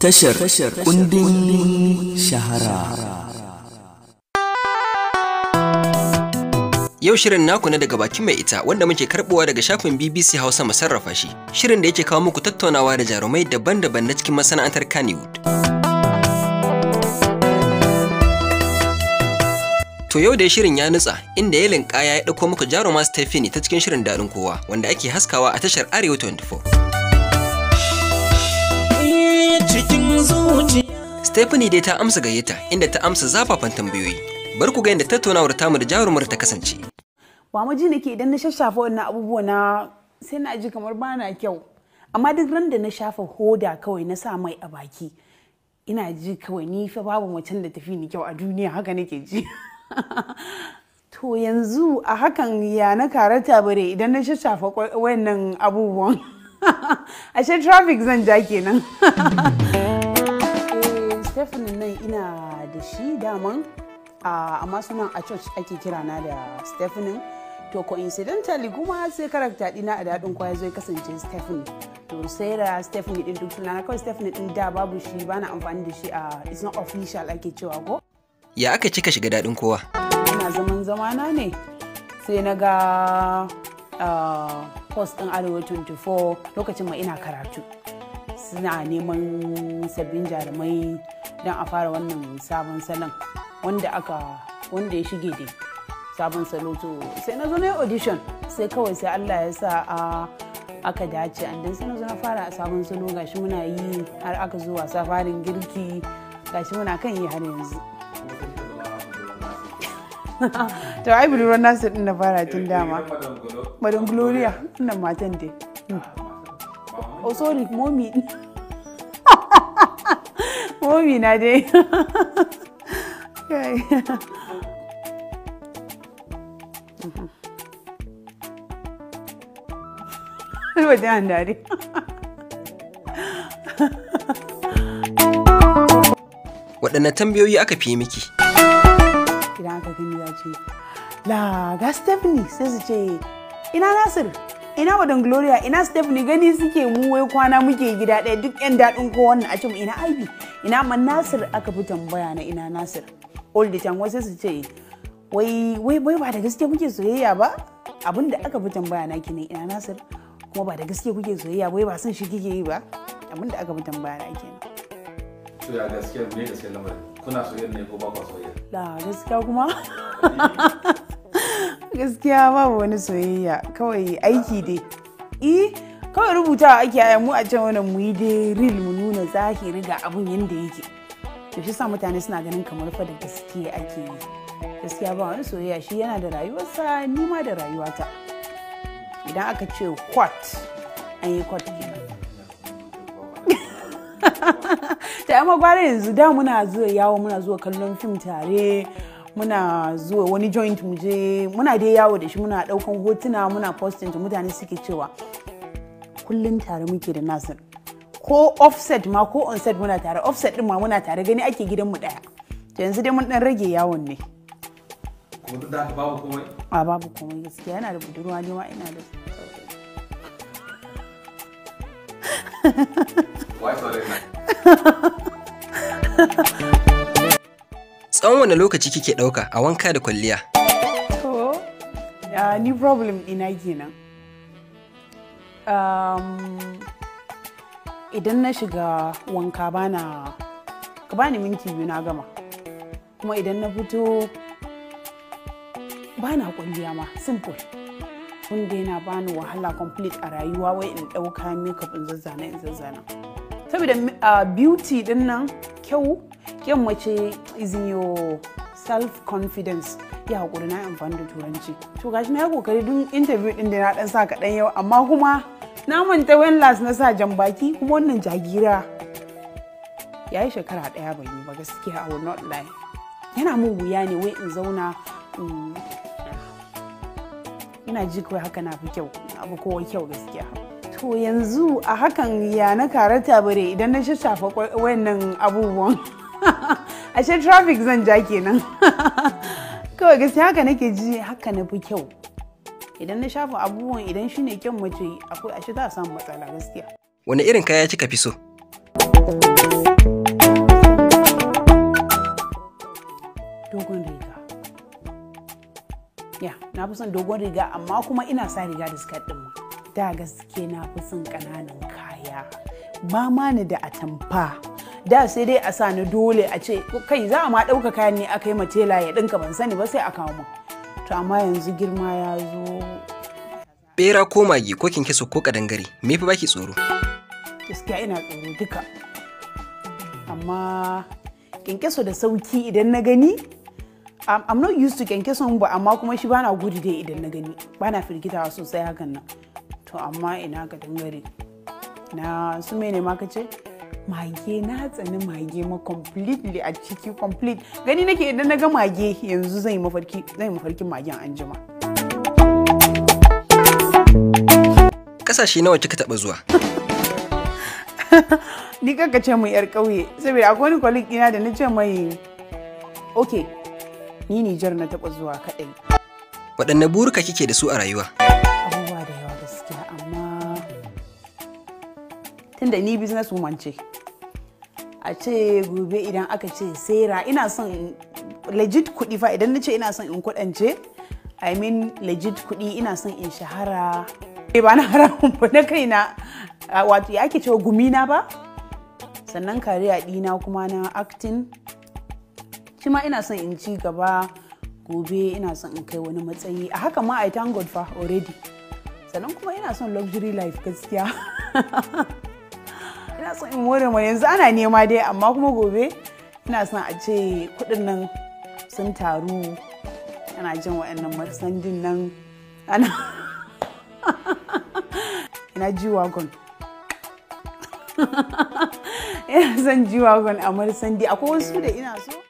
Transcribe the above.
tashar kundin shahara Yau shirin naku na daga bakin mai ita wanda muke karbowa daga shafin BBC Hausa masarrafa shi, shirin da yake kawo muku tattaunawa da jarumai daban-daban na cikin masana'antar Kannywood. To yau da shirin ya nutsa inda ya linkaya ya ɗauko muku jaruma Stephanie ta cikin shirin daɗin kowa wanda ake haskawa a tashar Arewa 24. cikin Stephanie dai ta amsa gayyata inda ta amsa zafafan tambayoyi bar ku ga yadda tattaunawar tamu da jarumar ta kasance wa ji nake idan na shashafa wannan abubuwa na sai na ji kamar bana kyau amma duk ran da na shafa hoda kawai na sa mai a baki ina ji kawai ni fa babu macen da tafi ni kyau a duniya haka nake ji to yanzu a hakan ya na karata bare idan na shashafa wannan abubuwan ashe traffic zan ja kenan stephanie nan ina da shi daman amma sunan a church ake kirana da stephanie to coincidentally kuma sai karakta dina a daɗin kwaya zai kasance stephanie to sai da stephanie din duk tunana kawai stephanie din da babu shi ba na amfani da shi a it's not official ake cewa ko ya aka cika shiga daɗin kowa ina zaman zamana ne sai na ga post ɗin arewa 24 lokacin ma ina karatu suna neman sabbin jarumai don a fara wannan sabon salon wanda aka wanda ya shige da sabon salo to sai na zo na audition sai kawai sai Allah ya sa a aka dace an dan sai na zo na fara a sabon salo gashi muna yi har aka zo wasa farin girki gashi muna kan yi har yanzu to ai ran nasu din da fara tun dama madam gloria wannan matan dai hmm. oh sorry momi momi na dai Wajen handare. waɗanne tambayoyi aka fi miki idan aka gani za ce la ga stephanie sai su ce ina nasir ina wadan gloria ina stephanie gani suke mu wai kwana muke gida ɗaya duk yan daɗin ko wannan a ce ina aibi ina man nasir aka fi tambaya na ina nasir all the time wasu su ce wai wai wai ba da gaske kuke soyayya ba abin da aka fi tambaya na kenan ina nasir kuma ba da gaske kuke soyayya wai ba son shi kike yi ba abin da aka fi tambaya na kenan to ya gaskiya ne gaskiyar lamarin kuna soyayya ne ko ba ku soyayya da gaskiya kuma gaskiya babu wani soyayya kawai aiki dai eh kawai rubuta ake aya mu a can wannan mu yi dai ril mu nuna zahiri ga abun yanda yake to shi sa mutane suna ganin kamar fa da gaskiya ake yi gaskiya ba wani soyayya shi yana da rayuwarsa ni ma da rayuwata idan aka ce kwat an yi kwat kenan ta yi magwara yanzu da muna zuwa yawo muna zuwa kallon fim tare muna zuwa wani joint mu je muna dai yawo da shi muna daukan hotuna muna posting mutane suke cewa kullum tare muke da Nasir ko offset ma ko onset muna tare offset din ma muna tare gani ake gidan mu daya to yanzu dai mun dan rage yawon ne ko da babu komai a babu komai gaskiya yana da budurwa ne ma ina da Why sorry? Tsawon wani lokaci kike ɗauka a wanka da kwalliya? To, ni problem ina kenan. Idan na shiga wanka bana ka bani minti biyu na gama. Kuma idan na fito bana kwalliya ma, simple. Wanda yana bani wahala complete a rayuwa wai in ɗauka makeup in zazzana in zazzana. saboda ah, beauty din nan kyau kyan mace is in your self confidence ya hakuri na amfani da turanci to gashi na kokari dun interview din da na dan sa kaɗan yau amma kuma na manta when last na sa jan baki kuma wannan jagira yayi shekara daya bai yi ba gaskiya i will not lie yana mun wuya ne wai in zauna ina ji kawai haka na fi kyau abu kowa kyau gaskiya To yanzu a hakan ya na karata bare idan na shafa wannan abubuwan. Ashe traffic zan ja kenan. Kawai gaskiya haka nake ji haka na fi kyau. Idan na shafa abubuwan idan shi ne kyan mace akwai ashe za a samu matsala gaskiya. Wani irin kaya kika fi so? Dogon riga. Ya, na fi son dogon riga amma kuma ina sa riga da skirt ɗin ma. da gaske na fi son ƙananan kaya ba ma ni da atamfa da sai dai a sani dole a ce kai za a ma ɗauka kayan ne aka yi matela ya ɗinka ban sani ba sai a kawo mu to amma yanzu girma ya zo bera ko magi ko kinkiso ko kadangare me fi baki tsoro gaskiya ina tsoro duka amma kinkiso da sauki idan na gani I'm, not used to kyankyason ba amma kuma shi bana gudu dai idan na gani bana firgitawa sosai hakan nan to amma ina ga dangare na su mene ma kace mage na tsani mage ma completely a ciki complete gani nake idan na ga mage yanzu zan yi mafarki zan mafarkin magen anjima kasashe nawa kika taba zuwa ni kaka ce mu yar kauye saboda akwai wani colleague ina da na ce mai okay ni Nijar na taba zuwa kadai waɗanne burika kike da su a rayuwa tunda ni business woman ce a ce gobe idan aka ce sera ina son legit kuɗi fa idan na ce ina son in kuɗance i mean legit kuɗi ina son in shahara eh, ba na haramun ba na kaina wato ya ake cewa gumina ba sannan kariya ɗina kuma na acting shi ma ina son in ci gaba gobe ina son in kai wani matsayi a haka ma i thank god fa already sannan kuma ina son luxury life gaskiya ina son in more mai yanzu ana nema dai amma kuma gobe ina son a ce kuɗin nan sun taru ana jin waɗannan marsandin nan ana ina ji wagon ina son ji wagon a marsandi akwai wasu da ina so